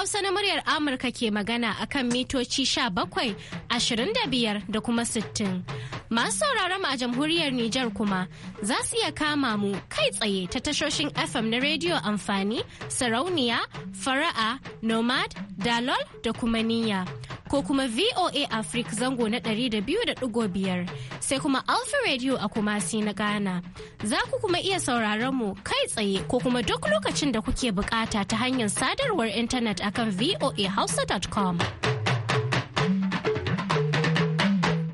Hausa na muryar Amurka ke magana akan mitoci sha bakwai ashirin da biyar da kuma sittin Masu sauraron a jamhuriyar Nijar kuma za su iya kama mu kai tsaye ta tashoshin FM na rediyo amfani, sarauniya, fara'a, nomad, dalol da kuma niyya. ko kuma VOA Africa zango na 200.5 sai kuma Alpha Radio a Kumasi na Ghana. Za ku kuma iya sauraron mu kai tsaye ko kuma duk lokacin da kuke bukata ta hanyar sadarwar intanet akan voahausa.com.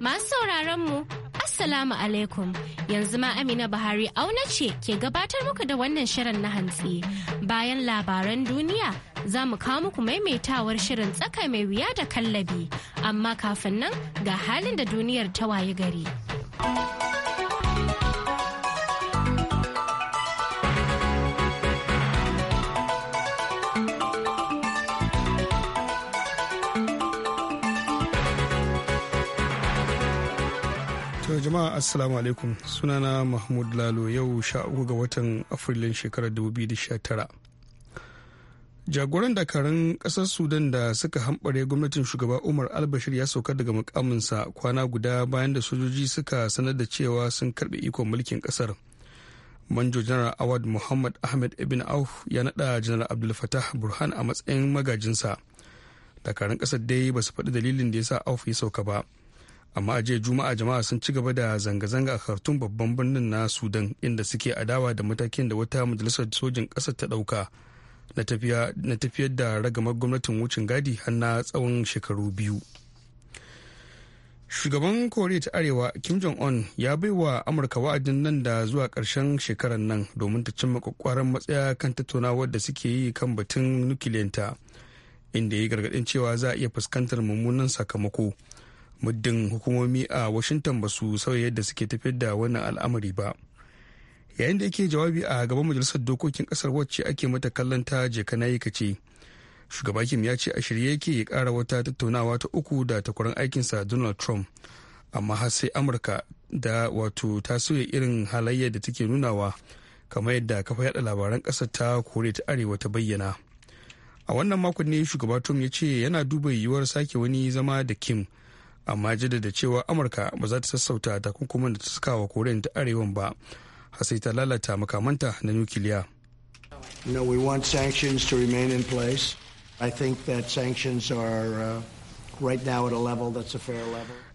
Masu sauraron mu Assalamu alaikum yanzu ma Amina Buhari auna ce ke gabatar muku da wannan shirin na hantsi bayan labaran duniya za mu kawo muku maimaitawar shirin tsaka mai wuya da kallabi amma kafin nan ga halin da duniyar ta waye gari. jama'a assalamu alaikum sunana mahmud lalo yau sha ga watan afrilun shekarar 2019 jagoran dakarun kasar sudan da suka hambare gwamnatin shugaba umar albashir ya sauka daga mukaminsa kwana guda bayan da sojoji suka sanar da cewa sun karbe ikon mulkin kasar manjo janar awad muhammad ahmed ibn auf ya nada janar abdul fatah burhan a matsayin magajinsa dakarun kasar dai ba su faɗi dalilin da ya sa auf ya sauka ba amma a jiya juma'a jama'a sun ci gaba da zanga-zanga a khartoum babban birnin na sudan inda suke adawa da matakin da wata majalisar sojin kasar ta ɗauka na tafiyar da ragamar gwamnatin wucin gadi har na tsawon shekaru biyu shugaban koriya ta arewa kim jong-un ya bai wa amurka wa'adin nan da zuwa karshen shekarar nan domin ta cimma kwakwaran matsaya kan tattaunawar da suke yi kan batun nukiliyanta inda ya gargadin cewa za a iya fuskantar mummunan sakamako muddin hukumomi a washinton ba su sauya yadda suke tafiyar da wannan al'amari ba yayin da yake jawabi a gaban majalisar dokokin kasar wacce ake mata kallon ta jeka na yi kace shugaba kim ya ce a shirye yake ya kara wata tattaunawa ta uku da takwaran aikinsa donald trump amma har sai amurka da wato ta soya irin halayyar da take nunawa kamar yadda kafa yada labaran kasar ta kore ta arewa ta bayyana a wannan makon ne shugaba trump ya ce yana duba yiwuwar sake wani zama da kim amma jaddada cewa amurka ba za ta sassauta takunkuman da ta saka wa koren ta arewa ba sai ta lalata makamanta na nukiliya. No, we want to remain in place. I think that sanctions are uh, right now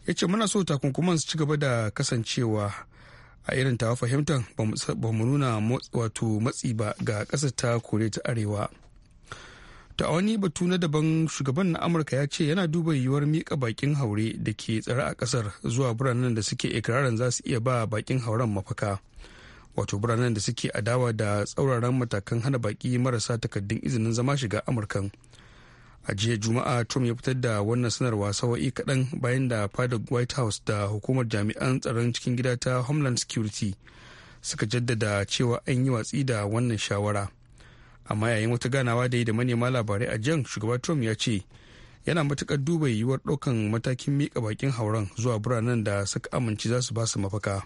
Ya ce muna so takunkuman su ci gaba da kasancewa a irin tawa fahimtar ba mu nuna wato matsi ba ga ƙasar ta kore ta arewa. ta wani batu na daban shugaban na amurka ya ce yana duba yiwuwar miƙa bakin haure da ke tsare a kasar zuwa biranen da suke ikirarin za su iya ba bakin hauren mafaka wato biranen da suke adawa da tsauraran matakan hana baki marasa takaddun izinin zama shiga amurkan a jiya juma'a trump ya fitar da wannan sanarwa sawa'i kaɗan bayan da fadar white house da hukumar jami'an tsaron cikin gida ta homeland security suka jaddada cewa an yi watsi da wannan shawara amma yayin wata ganawa da yi da manema labarai a jan shugaba trump ya ce yana matukar duba yiwuwar ɗaukan matakin miƙa bakin hauran zuwa biranen da suka amince za su ba mafaka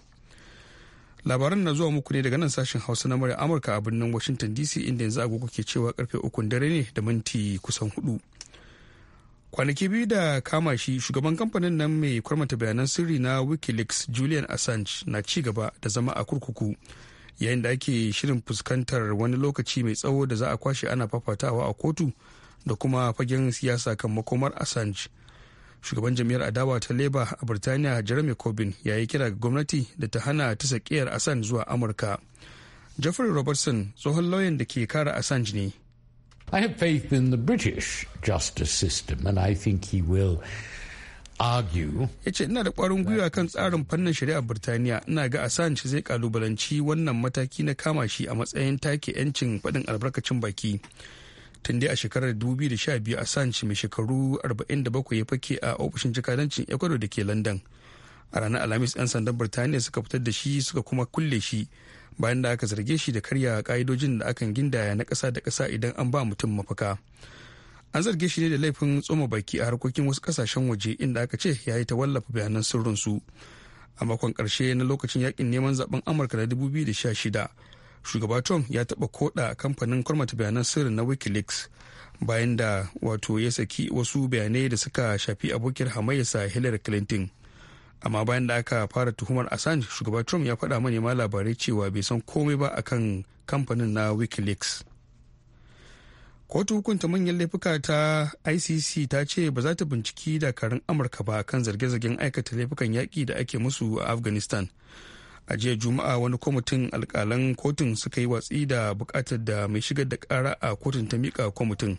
labaran na zuwa muku ne daga nan sashen hausa na murya amurka a birnin washington dc inda yanzu agogo ke cewa karfe ukun dare ne da minti kusan hudu kwanaki biyu da kama shi shugaban kamfanin nan mai kwarmata bayanan sirri na wikileaks julian assange na ci gaba da zama a kurkuku yayin da ake shirin fuskantar wani lokaci mai tsawo da za a kwashe ana fafatawa a kotu da kuma fagen siyasa kan makomar assange shugaban jami'ar adawa ta labour a birtaniya jeremy corbyn ya yi kira ga gwamnati da ta hana ta sakiyar asan zuwa amurka jeffrey robertson tsohon lauyan da ke kara assange ne I have faith in the British justice system and I think he will argue. Ya ina da kwarin gwiwa kan tsarin fannin shari'a Birtaniya ina ga Assange zai kalubalanci wannan mataki na kama shi a matsayin take 'yancin faɗin albarkacin baki. tun dai a shekarar 2012 a sanci mai shekaru 47 ya fake a ofishin jakadancin ecuador da ke london a ranar alhamis 'yan sandan birtaniya suka fitar da shi suka kuma kulle shi bayan da aka zarge shi da karya ka'idojin da akan gindaya na kasa da kasa idan an ba mutum mafaka an zarge shi ne da laifin tsoma baki a harkokin wasu kasashen waje inda aka ce ya yi ta wallafa bayanan sirrinsu a makon ƙarshe na lokacin yakin neman zaben amurka da 2016 shugaba trump ya taɓa koɗa kamfanin kwarmata bayanan sirri na wikileaks bayan da wato ya saki wasu bayanai da suka shafi abokin hamayyarsa hillary clinton amma bayan da aka fara tuhumar assange shugaba trump ya faɗa manema labarai cewa bai san komai ba akan kamfanin na wikileaks kotu hukunta manyan laifuka ta icc ta ce ba za ta binciki dakarun amurka ba kan zarge-zargen aikata laifukan yaƙi da ake musu a afghanistan a jiya juma'a wani kwamitin alkalan kotun suka yi watsi da bukatar da mai shigar da kara a kotun ta mika kwamitin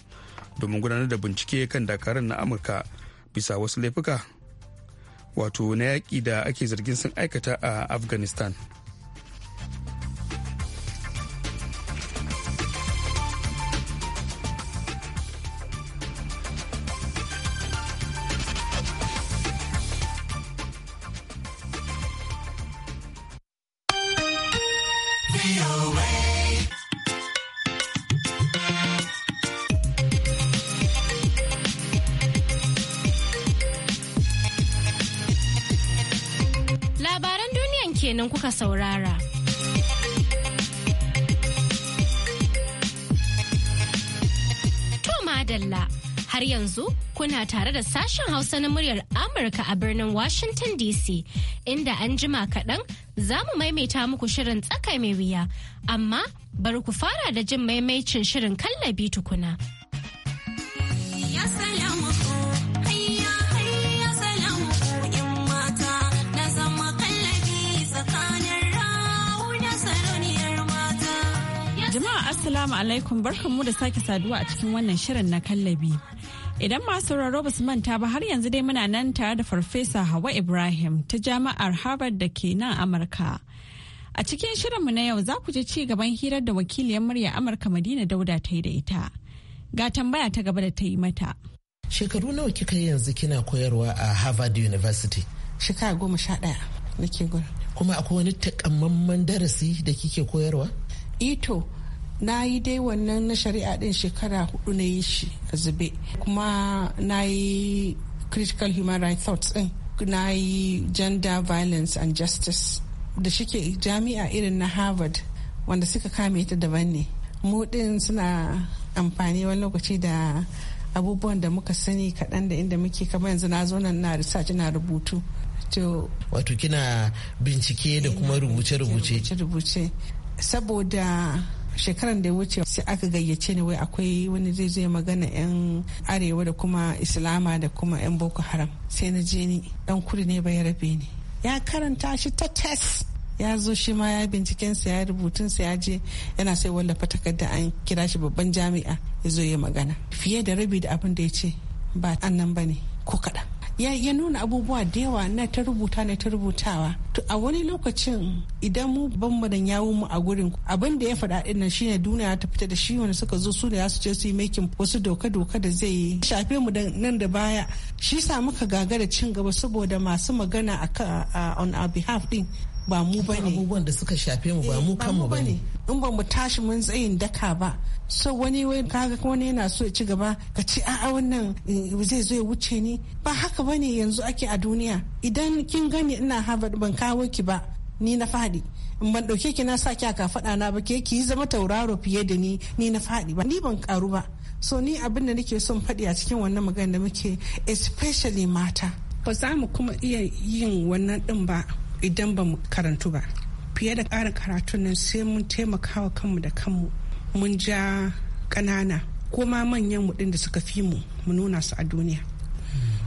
domin gudanar da bincike kan dakarun na amurka bisa wasu laifuka wato na yaƙi da ake zargin sun aikata a afghanistan tare da sashen Hausa na muryar Amurka a birnin Washington DC, inda an jima kaɗan za mu maimaita muku shirin tsaka mai wuya, amma bari ku fara da jin maimaicin shirin kallabi tukuna. Jama'a Assalamu alaikum barkanmu da sake saduwa a cikin wannan shirin na kallabi. Idan masu sauraro ba su manta ba har yanzu dai muna nan tare da Farfesa Hawa Ibrahim ta Jami'ar Harvard da ke nan Amurka. A cikin shirinmu na yau za ku je ci gaban hirar da wakiliyar murya Amurka Madina Dauda ta yi da ita. Ga tambaya ta gaba da ta yi mata. Shekaru nawa kika yi yanzu kina koyarwa a Harvard University? Shekara goma sha ɗaya nake gudu. Kuma akwai wani takamaiman darasi da kike koyarwa? Ito, e na yi dai wannan na shari'a din shekara hudu na yi shi a zube kuma na yi critical human rights thoughts din na yi gender violence and justice da shike jami'a irin na harvard wanda suka kame ta daban ne mu din suna amfani wani lokaci da abubuwan da muka sani kaɗan da inda muke kamar yanzu na zo nan na research na rubutu wato kina bincike da kuma eh, rubuce-rubuce rubuce saboda shekaran da ya wuce sai aka gayyace ni wai akwai wani zai zai magana yan arewa da kuma islama da kuma yan boko haram sai na je ni dan kudu ne bai rabe ni ya karanta shi ta tes ya zo shi ma ya binciken sa ya rubutun sa ya je yana sai wallafa takarda an kira shi babban jami'a ya zo ya magana fiye da rabi da abin da ya ce ba annan bane ko kaɗan ya nuna abubuwa da yawa na ta rubuta na ta rubutawa to a wani lokacin idan mu banmu da mu a gurin abin da ya faɗa din nan shine duniya ta fita da shi wanda suka zo su ne za su je su yi making wasu doka-doka da zai shafe mu nan da baya shi sa muka gagara cin gaba saboda masu magana a on our behalf din ba mu ba ne abubuwan da suka shafe mu ba eh, mu kanmu ba ne in ba mu tashi mun tsayin daka ba so wani wai kaga wani yana so ya ci gaba ka ci a'a wannan eh, zai zo ya wuce ni ba haka ba ne yanzu ake a duniya idan kin gani ina Harvard ban kawo ki ba ni na faɗi in ban ɗauke ki na sa ki aka na ba ke ki zama tauraro fiye da ni ni na faɗi ba ni ban karu ba so ni abin da nake son faɗi a cikin wannan magana da muke especially mata ba za mu kuma iya yin wannan ɗin ba idan ba mu karantu ba fiye da ƙara karatun nan sai mun taimaka wa kanmu da kanmu mun ja ƙanana ko ma manyan mu ɗin da suka fi mu mu nuna su a duniya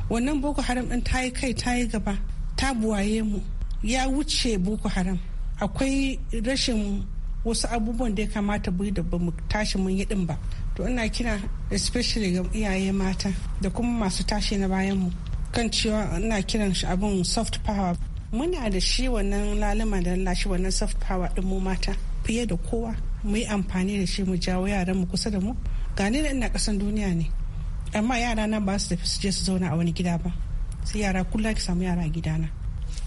wannan boko haram ɗin ta yi kai ta yi gaba ta buwaye mu ya wuce boko haram akwai rashin wasu abubuwan da ya kamata bai da mu tashi mun yi din ba to ina kira especially ga iyaye mata da kuma masu tashi na bayan mu kan cewa ina kiran shi abin soft power muna da shi wannan lalima da lashi wannan soft power din mu mata fiye da kowa mu yi amfani da shi mu jawo yaran mu kusa da mu gane da ina kasan duniya ne amma yara na ba su tafi su je su zauna a wani gida ba sai yara kula ki samu yara gida na.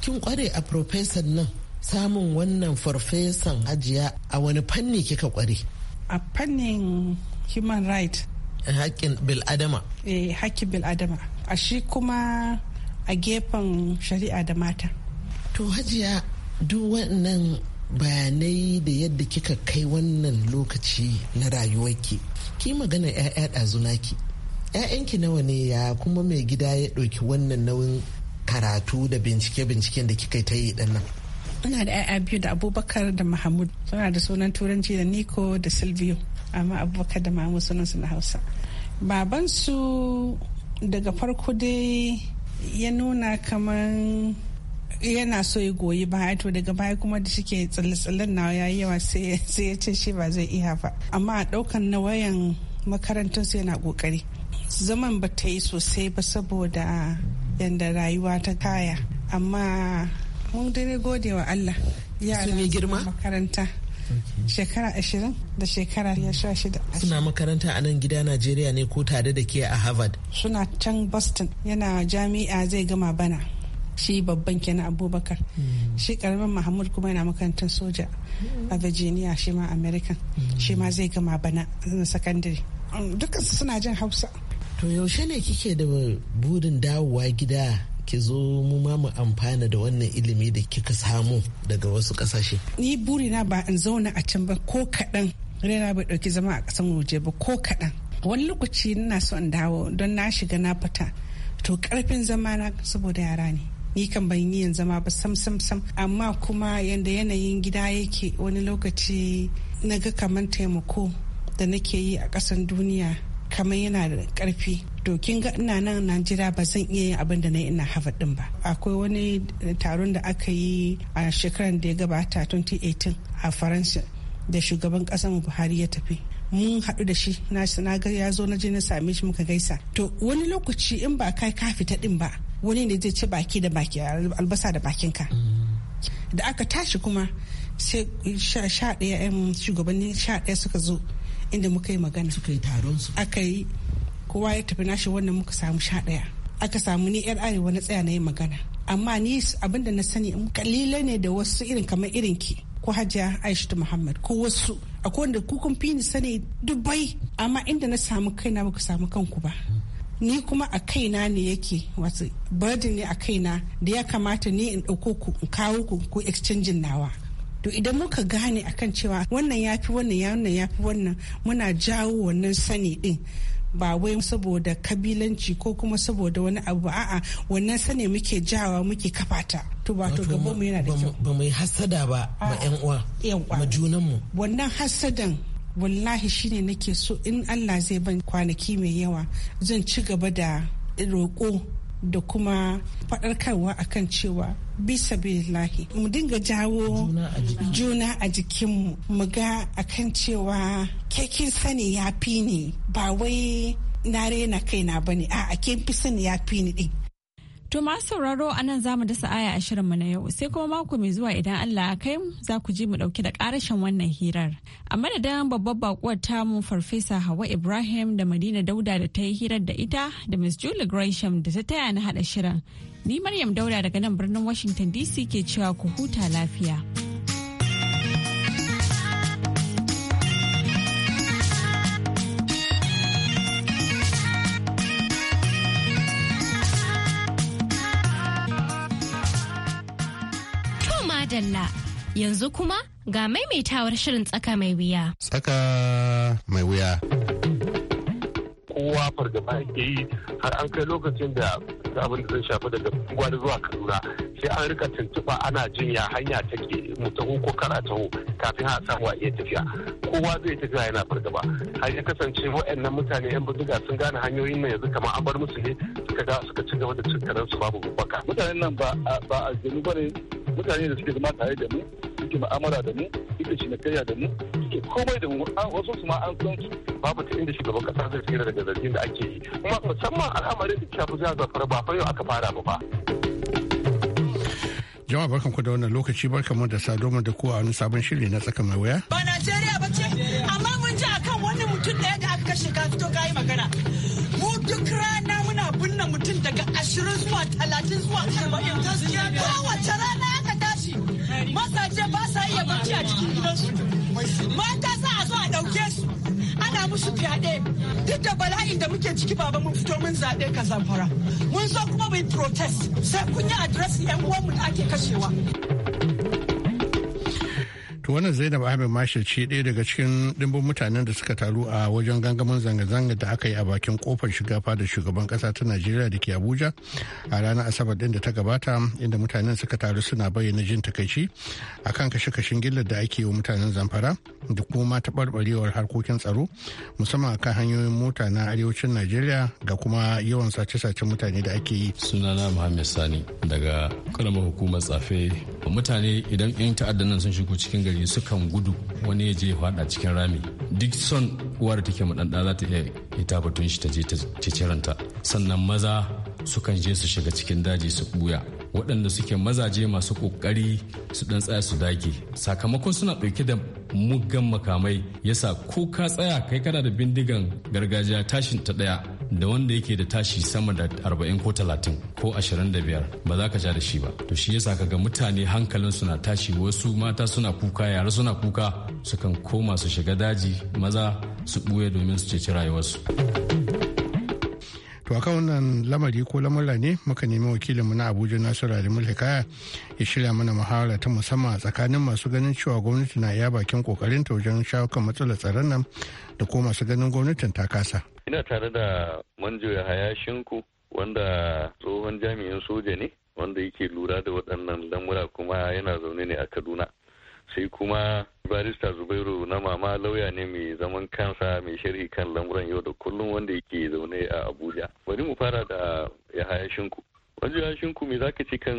kin kware a professor nan samun wannan farfesan hajiya a wani fanni kika kware a fannin human right hakkin bil'adama eh hakkin bil'adama a shi kuma a gefen shari'a da mata to hajiya duk wannan bayanai da yadda kika kai wannan lokaci na rayuwarki ki magana 'ya'ya ɗazunaki 'ya'yanki nawa ne ya kuma mai gida ya ɗauki wannan nauyin karatu da bincike-binciken da kika ta yi ɗan nan ina da 'ya'ya biyu da abubakar da mahamud suna da sunan turanci da niko da silvio amma abubakar da mahamud sunan su na hausa babansu daga farko dai ya nuna kamar yana so ya goyi baya to daga baya kuma da shike tsalle-tsallen na ya yawa sai ya ce shi ba zai iya ba amma a ɗaukan na wayan makarantar su yana kokari zaman ba ta yi sosai ba saboda yadda rayuwa ta kaya amma mun dai gode wa Allah yara girma makaranta shekara ashirin da shekara ya sha shida. Suna makaranta a nan gida Najeriya ne ko tare da ke a Harvard? Suna can Boston yana jami'a zai gama bana. shi babban kenan abubakar mm. shi karamin mahmud kuma yana makarantar soja a virginia shi ma american mm. shi ma zai gama bana na sakandare mm, su suna jin hausa to yaushe ne kike da burin dawowa gida ki zo mu ma mu amfana da wannan ilimi da kika samu daga wasu kasashe ni burina ba in zauna a can ba ko kaɗan rera bai ɗauki zama a ƙasan waje ba ko kaɗan wani lokaci na so in dawo don na shiga na fita to karfin zama na saboda yara ne ni kan ban yi yanzu ma ba sam sam sam amma kuma yanda yanayin gida yake wani lokaci na ga kamar taimako da nake yi a ƙasan duniya kamar yana da ƙarfi dokin ga ina nan najeriya ba zan iya yin abin da na ina hafa din ba akwai wani eh, taron da aka yi a shekarar da ya gabata 2018 a faransa da shugaban ƙasar buhari ya tafi mun haɗu da shi na ga ya zo na je na same shi muka gaisa to wani lokaci in ba kai ka fita din ba wani ne zai ci baki da baki albasa da bakinka mm. da aka tashi kuma sai sha ɗaya shugabanni sha ɗaya suka zo inda muka yi magana suka yi taron su aka yi kowa ya tafi nashi wannan muka samu sha ɗaya aka samu ni yar arewa na tsaya na yi magana amma ni abinda na sani kalila ne da wasu irin kamar irin ki ko hajiya aishatu muhammad ko wasu ko wanda kukun fi ni sani dubai amma inda na samu kaina baka samu kanku ba ni kuma a kaina ne yake wasu burden ne a kaina da ya kamata ni in ɗauko ku in kawo ku ko exchanging nawa to idan muka gane akan cewa wannan yafi fi wannan ya wannan ya wannan muna jawo wannan sani din ba wai saboda kabilanci ko kuma saboda wani abu a'a wannan sani muke jawa muke kafata to ba to mu yana da kyau ba mai hasada ba ma yan uwa ma junan mu wannan hasadan wallahi shine nake so in Allah zai ban kwanaki mai yawa zan ci gaba da roƙo da kuma faɗarkarwa kan cewa bisa lahi mu dinga jawo juna a jikinmu mu ga a kan cewa kekin sani ya fi ne ba wai na rena kaina ba ne a kin fi sani ya fi ni To masu sauraro a nan za mu dasa aya a mu na yau sai kuma mako mai zuwa idan Allah ya kai za ku ji mu dauki da karashin wannan hirar. A madadin babbar bakuwar tamu Farfesa Hawa Ibrahim da Madina Dauda da ta yi hirar da ita da Miss Julie Gresham da ta taya na haɗa shirin. Ni Maryam Dauda daga nan birnin Washington DC ke cewa ku huta lafiya. madalla yanzu kuma ga maimaitawar shirin tsaka mai wuya. Tsaka mai wuya. Kowa fargaba yake yi har an kai lokacin da abin da zai shafi daga gwada zuwa kaduna sai an rika tuntuɓa ana jinya hanya take mu taho ko kara taho kafin a samu a iya tafiya kowa zai tafiya yana fargaba har ya kasance wa'annan mutane yan bindiga sun gane hanyoyin nan yanzu kamar an bar musu ne suka ga suka ci gaba da cin karansu babu babbaka mutanen nan ba a aljanu ba ne mutane da suke zama tare da mu suke ma'amala da mu suke cinikayya da mu suke komai da mu wasu su ma an san su babu ta inda shugaban kasa zai tsira daga zargin da ake yi kuma musamman al'amarin da shafi za zafar ba fa yau aka fara ba ba. jama'a barkan ku da wannan lokaci barkan mu da sadoma da kowa wani sabon shiri na tsaka mai wuya. ba najeriya ba ce amma mun ji akan wani mutum ya da aka kashe ka fito ka magana mu duk rana muna binne mutum daga ashirin zuwa talatin zuwa arba'in kowace rana mazaje ba sa iya barci a cikin gidansu mata sa a zo a ɗauke su ana musu fyaɗe duk da bala'in da muke ciki baba mun fito mun zaɓe ka zamfara mun zo kuma bai protest sai kun yi adresin 'yan uwanmu da ake kashewa. to wannan zainab ahmed mashir ce ɗaya daga cikin ɗimbin mutanen da suka taru a wajen gangamin zanga-zanga da aka yi a bakin kofar shiga fadar shugaban ƙasa ta najeriya da ke abuja a ranar asabar ɗin da ta gabata inda mutanen suka taru suna bayyana jin takaici akan kashe-kashen gillar da ake yi wa mutanen zamfara da kuma taɓarɓarewar harkokin tsaro musamman akan hanyoyin mota na arewacin najeriya ga kuma yawan sace-sacen mutane da ake yi sunana muhammad sani daga karamar hukumar tsafe mutane idan 'yan ta'addan nan sun shigo cikin gari sukan gudu wani ya je ya faɗa cikin rami duk son uwa da take maɗanɗa za ta iya ita batun shi ta je ta ciciranta sannan maza sukan je su shiga cikin daji su ɓuya waɗanda suke mazaje masu ƙoƙari su ɗan tsaya su dage sakamakon suna ɗauke da mugan makamai yasa ko ka tsaya kai kana da bindigan gargajiya tashin ta ɗaya da wanda yake da tashi sama da arba'in ko talatin ko ashirin da biyar ba za ka ja da shi ba to shi yasa ga mutane hankalin suna tashi wasu mata suna kuka yara suna kuka sukan koma su shiga daji maza su ɓuya domin su ceci rayuwarsu. to akan wannan lamari ko lamura ne muka nemi wakilinmu na abuja nasiru alimul hikaya ya shirya mana muhawara ta musamman tsakanin masu ganin cewa gwamnati na iya bakin kokarin ta wajen shawo kan matsalar tsaron nan da ko masu ganin gwamnatin ta kasa ina tare da manjo yahaya shinku wanda tsohon jami'in soja ne wanda yake lura da waɗannan lamura kuma yana zaune ne a kaduna sai kuma barista zubairu na mama lauya ne mai zaman kansa mai shirhi kan lamuran yau da kullum wanda yake zaune a abuja bari mu fara da Yahayashinku. shinku wajen yahaya shinku me zaka ce kan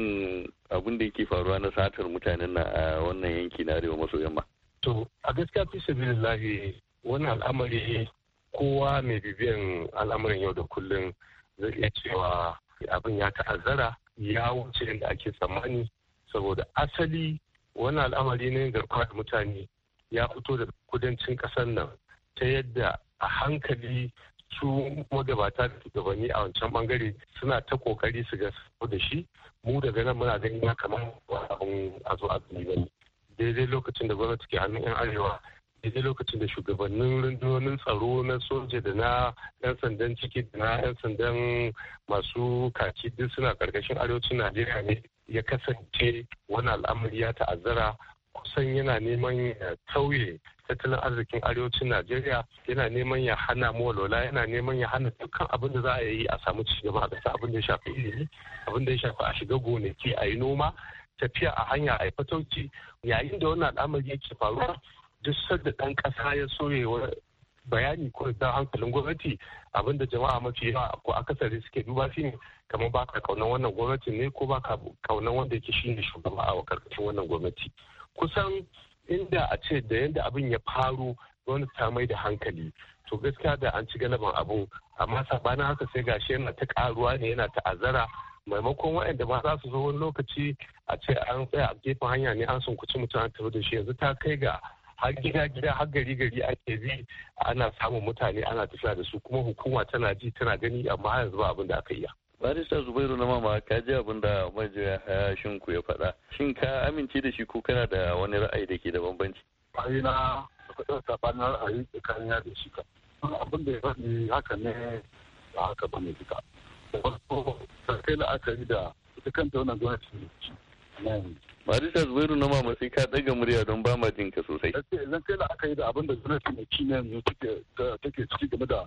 abin da yake faruwa na satar mutanen na a wannan yanki na arewa maso yamma to a gaskiya fi sabilillahi wannan al'amari kowa mai bibiyan al'amuran yau da kullum zai iya cewa abin ya ta'azzara ya wuce inda ake tsammani saboda asali Wani al'amari ne garkuwa da mutane ya fito da kudancin ƙasar nan ta yadda a hankali su magabata da shugabanni a wancan bangare suna ta kokari su ga da shi mu daga nan muna ganin ya kamar abin a zo a gani daidai lokacin da gwamnati ke hannun yan arewa daidai lokacin da shugabannin rundunonin tsaro na soja da na yan sandan ciki da na yan sandan masu kaci duk suna karkashin arewacin najeriya ne ya kasance wani al'amari ya ta'azzara kusan yana neman ya sauye tattalin arzikin arewacin najeriya yana neman ya hana walwala yana neman ya hana dukkan abin da za a yi a samu ci gaba a ƙasa abin da ya shafi ilimi abin da ya shafi a shiga gonaki a yi noma tafiya a hanya a yi fatauci yayin da wannan al'amari yake faruwa duk sadda ɗan ƙasa ya soye bayani ko da hankalin gwamnati abinda jama'a mafi yawa ko akasari suke duba ne kamar ba ka kaunan wannan gwamnati ne ko ba ka kaunan wanda yake shine shugaba a karkashin wannan gwamnati kusan inda a ce da yadda abin ya faru wani ta mai da hankali to gaskiya da an ci galaban abu amma sabanin haka sai gashi yana ta karuwa ne yana ta'azzara maimakon waɗanda ba za su zo wani lokaci a ce an tsaya a gefen hanya ne an sunkuci mutum an tafi da shi yanzu ta kai ga har gida gida har gari gari ake bi ana samun mutane ana tafiya da su kuma hukuma tana ji tana gani amma har yanzu ba abin da aka yi barista zubairu na mama ka ji abin da majiya ya shinku ya faɗa shin ka amince da shi ko kana da wani ra'ayi da ke da bambanci ai na kuɗin sabanin ra'ayi tsakanin da shi ka abin da ya faɗi haka ne ba haka ba ne duka da farko da kai la'akari da ita kanta wannan gwamnati na yanzu Marisa Zubairu na mama sai ka daga murya don ba ma jinka sosai. Idan kai da aka yi da abin da gwamnati mai ci ne yanzu take ciki game da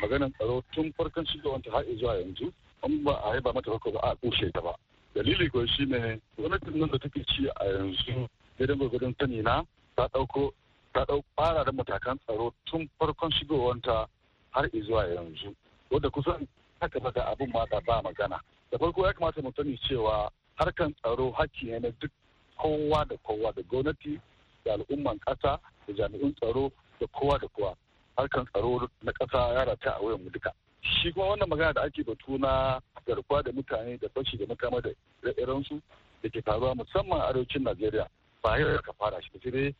maganin tsaro tun farkon wanta har zuwa yanzu an ba a haifa mata farko ba a kushe ta ba. Dalili kuwa shi ne gwamnatin nan da take ci a yanzu idan gwagwadon sani na ta ɗauko ta ɗau da matakan tsaro tun farkon shigowanta har zuwa yanzu. Wadda kusan haka da abin ma da ba magana. Da farko ya kamata mu sani cewa harkan tsaro hakki ne na duk kowa da kowa da gwamnati da al'umman kasa da jami'un tsaro da kowa da kowa harkan tsaro na kasa ya rata a wayan mu duka shi kuma wannan magana da ake batu na garkuwa da mutane da fashi da makama da irinsu da ke faruwa musamman arewacin najeriya ba yau ka fara shi sai game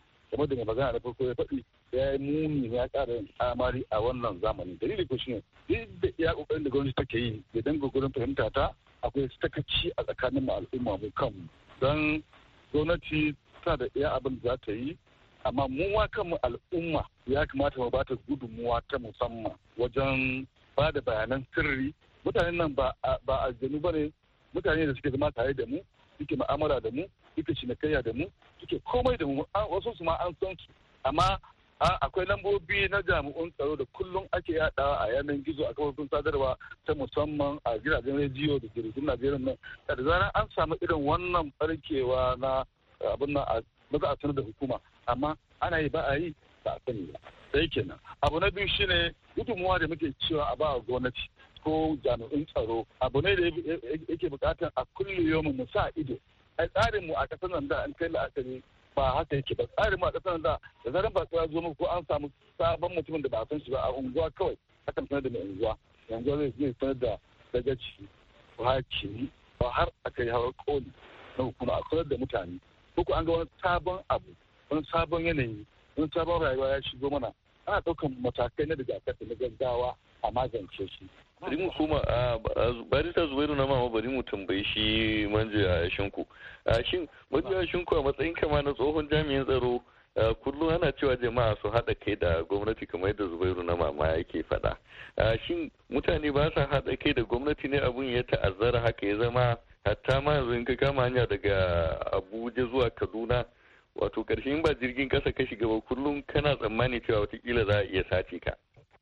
da mai magana da farko ya faɗi ya yi muni ya ƙara yin tsamari a wannan zamani dalili ko shi ne duk da iya ƙoƙarin da gwamnati take yi da dan fahimta ta akwai stakaci a tsakanin mu al'umma mu kanmu don gwamnati ta da iya abin da za ta yi amma mu ma kanmu al'umma ya kamata mu bata gudunmuwa ta musamman wajen ba da bayanan sirri mutanen nan ba a zanu ba ne mutane da suke zama tare da mu suke ma'amala da mu suke cinikayya da mu suke komai da mu wasu su ma an san su amma akwai lambobi na jami'un tsaro da kullum ake yadawa a yanar gizo a kafofin sadarwa ta musamman a gidajen rediyo da jirgin najeriya nan da zarar an samu irin wannan barkewa na eh, abin nan ba za a sanar da hukuma amma ana yi ba a yi ba a sani ba sai kenan abu na biyu shine gudunmuwa da muke cewa a ba gwamnati ko jami'un tsaro abu ne da yake bukatar a kulle yomin mu sa ido a tsarin mu a kasar nan da an kai la'akari ba haka yake ba tsarin ma kasar da da zaran ba ya zo ko an samu sabon mutumin da ba san shi ba a unguwa kawai akan sanar da mai unguwa yanzu zai zai sanar da dagaci haci ba har aka yi hawar koli na hukuma a sanar da mutane ko an ga wani sabon abu wani sabon yanayi wani sabon rayuwa ya shigo mana ana ɗaukan matakai na rigakafi na gaggawa a magance shi bari mu koma a ta zubairu na mama bari mu tambayi shi manja shinku a shin manja shinku a matsayin kama na tsohon jami'in tsaro kullum ana cewa jama'a su haɗa kai da gwamnati kamar yadda zubairu na mama yake faɗa shin mutane ba sa haɗa kai da gwamnati ne abun ya ta'azzara haka ya zama hatta ma yanzu in ka kama hanya daga abuja zuwa kaduna wato karshe ba jirgin kasa ka shiga ba kullum kana tsammani cewa watakila za a iya sace ka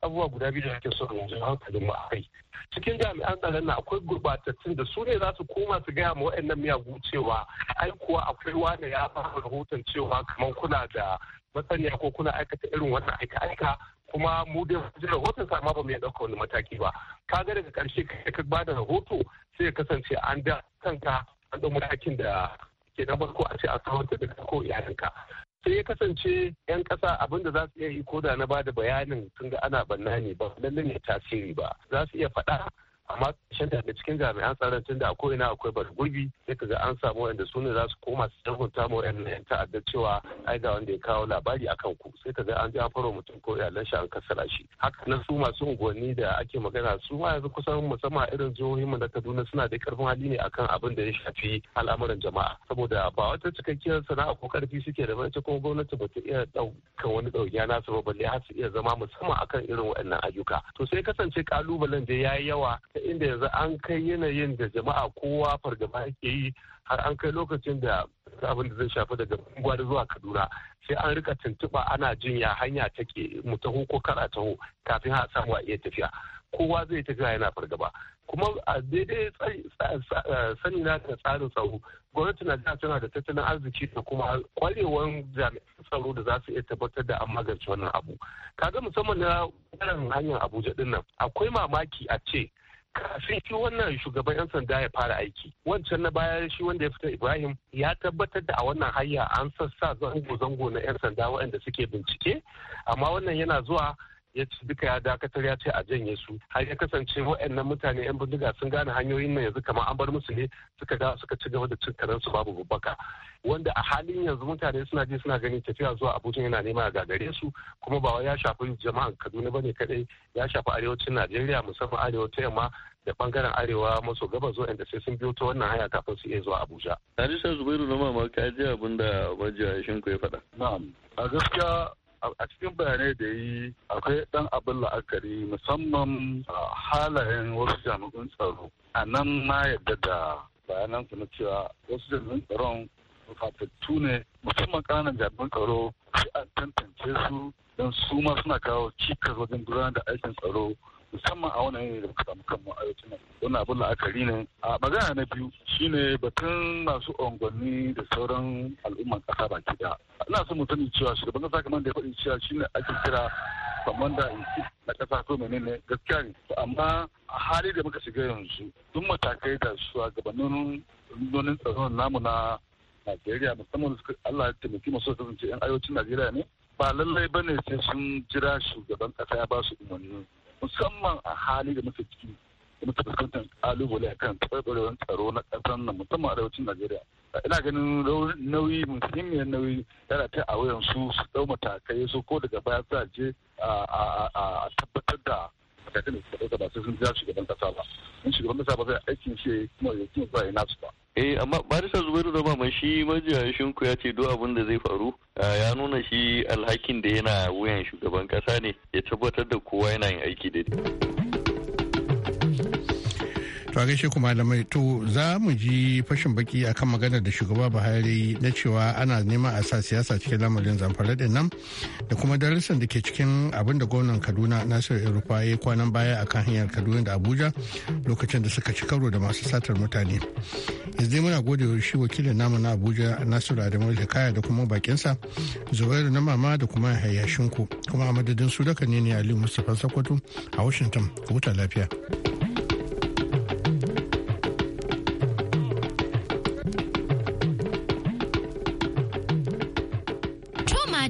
abubuwa guda biyu da ake so a yanzu hankalin mu a kai cikin jami'an tsaron na akwai gurbatattun da su ne za su koma su gaya ma wa'annan miyagu cewa ai kuwa akwai wani ya fara rahoton cewa kamar kuna da masaniya ko kuna aikata irin wannan aika-aika kuma mu dai wajen rahoton sa ba mu ya ɗauka wani mataki ba ka ga daga ƙarshe kai ka ba da rahoto sai ya kasance an da kanka an ɗan matakin da ke na farko a ce a kawar da ko iyalinka sai ya kasance 'yan kasa abin da za su iya yi ko da na ba da bayanin sun ga ana banna ne ba lallai ne tasiri ba za su iya faɗa amma shan da cikin jami'an tsaron tun da akwai ina akwai bar gurbi sai ga an samu wanda su ne za su koma su hunta ma wa'annan yan ta'adda cewa ai ga wanda ya kawo labari akan ku sai ga an ji an faro mutum ko iyalan shi an kasala shi haka nan su masu unguwanni da ake magana su ma yanzu kusan musamman irin jihohin mu na Kaduna suna da karfin hali ne akan abin da ya shafi al'amuran jama'a saboda ba wata cikakkiyar sana'a ko karfi suke da bace kuma gwamnati ba ta iya ɗaukan wani na su ba balle har su iya zama musamman akan irin wa'annan ayyuka to sai kasance kalubalen da yayi yawa ta inda yanzu an kai yanayin da jama'a kowa fargaba yake yi har an kai lokacin da abin da zai shafi daga gwada zuwa kaduna sai an rika tuntuɓa ana jinya hanya take mu taho ko kar a taho kafin a samu a iya tafiya kowa zai tafiya yana fargaba kuma a daidai sani na da tsarin tsaro gwamnati na tana da tattalin arziki da kuma kwarewan jami'an tsaro da za su iya tabbatar da an magance wannan abu kaga musamman na hanyar abuja dinnan akwai mamaki a ce kafin shi wannan shugaban 'yan sanda ya fara aiki wancan na baya shi wanda ya fita ibrahim ya tabbatar da a wannan hanya an sassa zango-zango na 'yan sanda waɗanda suke bincike amma wannan yana zuwa ya ci duka ya dakatar ya ce a janye su har ya kasance waɗannan mutane yan bindiga sun gane hanyoyin nan yanzu kamar an bar musu ne suka ga suka ci gaba da cin su babu babbaka wanda a halin yanzu mutane suna je suna ganin tafiya zuwa abuja yana nema a gagare su kuma ba ya shafi jama'an kaduna ne kadai ya shafi arewacin najeriya musamman arewa ta yamma da bangaren arewa maso zuwa inda sai sun biyo ta wannan hanya kafin su iya zuwa abuja. Hadisa Zubairu na mamaka ji abin da Shinku ya faɗa. Na'am. A gaskiya a cikin bayanai da yi akwai dan abin la'akari musamman halayen wasu jami'an tsaro a nan na yadda da bayanan su na cewa wasu jami'an tsaron fatattu ne musamman kananan jami'an tsaro sai an tantance su don su ma suna kawo cikas wajen gudanar da aikin tsaro musamman a wani yanayi da muka samu kanmu a yau wannan abin la'akari ne a magana na biyu shine batun masu unguwanni da sauran al'umman ƙasa baki da ina son mu sani cewa shugaban ƙasa kamar da ya faɗi cewa shine ake kira kwamanda in na ƙasa ko menene gaskiya ne amma a hali da muka shiga yanzu duk matakai da shugabannin rundunonin tsaron namu na Najeriya musamman Allah ya taimaki masu kasance 'yan arewacin Najeriya ne ba lallai ba ne sai sun jira shugaban kasa ya ba su umarni musamman a hali da muke ciki da muka fuskantar kalubale a kan taɓarɓarewar tsaro na ƙasar nan musamman arewacin najeriya ina ganin nauyi muhimmiyar nauyi yana ta a wayan su su ɗau matakai su ko daga baya su je a tabbatar da matakan da suka ɗauka ba sai sun ja shugaban ƙasa ba in shugaban ƙasa ba zai aikin shi kuma ya ba ya nasu ba eh amma barisa zubairu da mamashi shi majiyashin ku ya ce duk abin da zai faru eh, ya nuna shi alhakin da yana wuyan shugaban kasa ne ya tabbatar da kowa yana yin aiki daidai To a gaishe kuma malamai to za mu ji fashin baki akan maganar da shugaba Buhari na cewa ana neman a sa siyasa cikin lamarin zamfara din nan da kuma darussan da ke cikin abin da gwamnan Kaduna Nasiru Irufa ya kwanan baya akan hanyar Kaduna da Abuja lokacin da suka ci karo da masu satar mutane. Yanzu muna gode wa shi wakilin namu na Abuja Nasiru Adamu kaya da kuma bakinsa Zubairu na mama da kuma hayashinku kuma a madadin su daga ne ne Aliyu Mustapha Sokoto a Washington. Huta lafiya.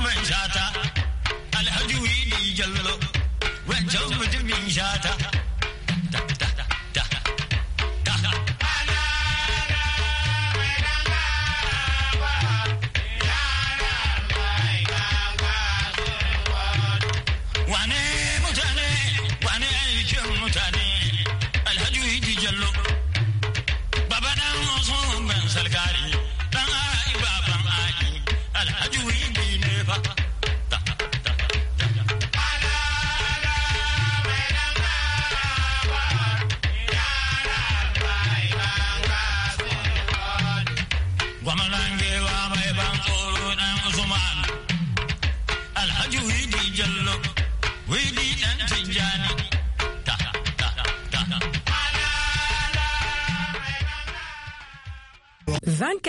man shata alhaji wili jallo wancan mutumin shata